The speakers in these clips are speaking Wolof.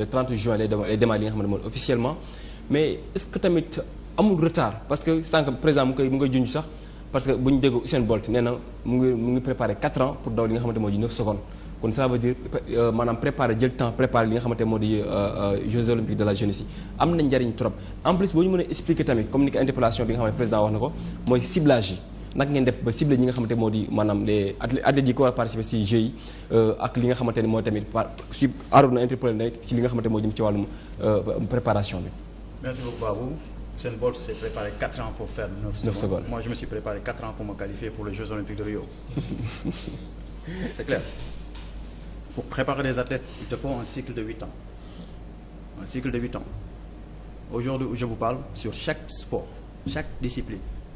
le 30 juin lay demal lay demal li nga xam ne mooy officiellement mais est-ce que tamit amul retard parce que sànq président mu ngi koy mu ngi koy junj sax parce que na ans pour daw li nga xamante moo di 9 secondes kon ça veut dire euh, maanaam préparer jël temps préparer li nga xamante moo di euh, euh, Jeux olympiques de la jeunesse yi am na njariñ trop en plus boo ñu mën expliquer tamit comme interpellation bi nga xam président wax na ko mooy ciblage yi naka ngeen def ba ciblé ñi nga xamante moo di maanaam les athlètes yi ko war a participer si jeux yi euh, ak li nga xamante ne moo tamit par su Arouna entrepreneur ci li nga xamante moo jëm ci wàllum euh, préparation bi. merci beaucoup Babou. Usain Bolt s'est préparé 4 je me suis préparé 4 ans pour me qualifier pour les Jeux Olympiques de Rio. C'est clair. Pour préparer des athlètes, il te faut un cycle de 8 ans. Un cycle de 8 Aujourd'hui je vous parle, sur chaque sport, chaque discipline,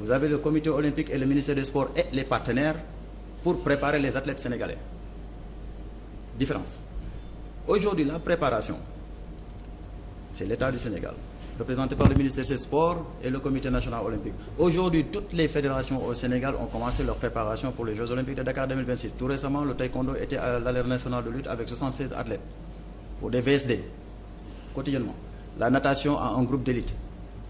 vous avez le comité olympique et le ministère des pour préparer les athlètes sénégalais différence aujourd'hui la préparation c'est l'État du Sénégal représenté par le ministère des sports les fédérations au Sénégal ont commencé leur préparation pour les Jeux le taekwondo était à l'alerte nationale de lutte des VSD quotidiennement la natation a un groupe d'élite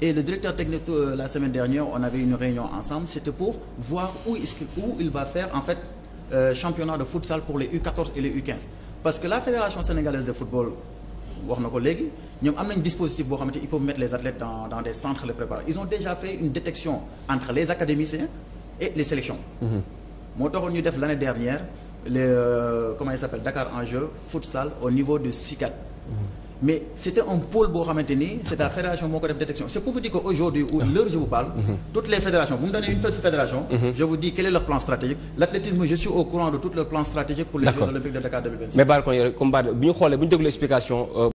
Et le directeur technique, euh, la semaine dernière, on avait une réunion ensemble, c'était pour voir où, il va faire en fait euh, championnat de futsal pour les u et les u Parce que la Fédération sénégalaise de football, wax na ko léegi am nañ dispositif boo xamante ils peuvent mettre les athlètes dans dans des centres de préparation ils ont déjà fait une détection entre les académiciens et les sélections mhm. moo taxoon ñu def l'année dernière les euh, niveau de mais c'était un pôle boo xamante ni c'est la fédération moo ko def détection c'est pour vous dire que aujourd'hui ah. l'heure je vous parle mm-hmm. toutes les fédérations vous me donnez une fédération mm-hmm. je vous dis quel est leur plan stratégique l'athlétisme je suis au courant de tout leur plan stratégique pour les Jeux de Dakar 2026 mais baal kon yore comme baal bu ñu xoolee bu ñu explication euh,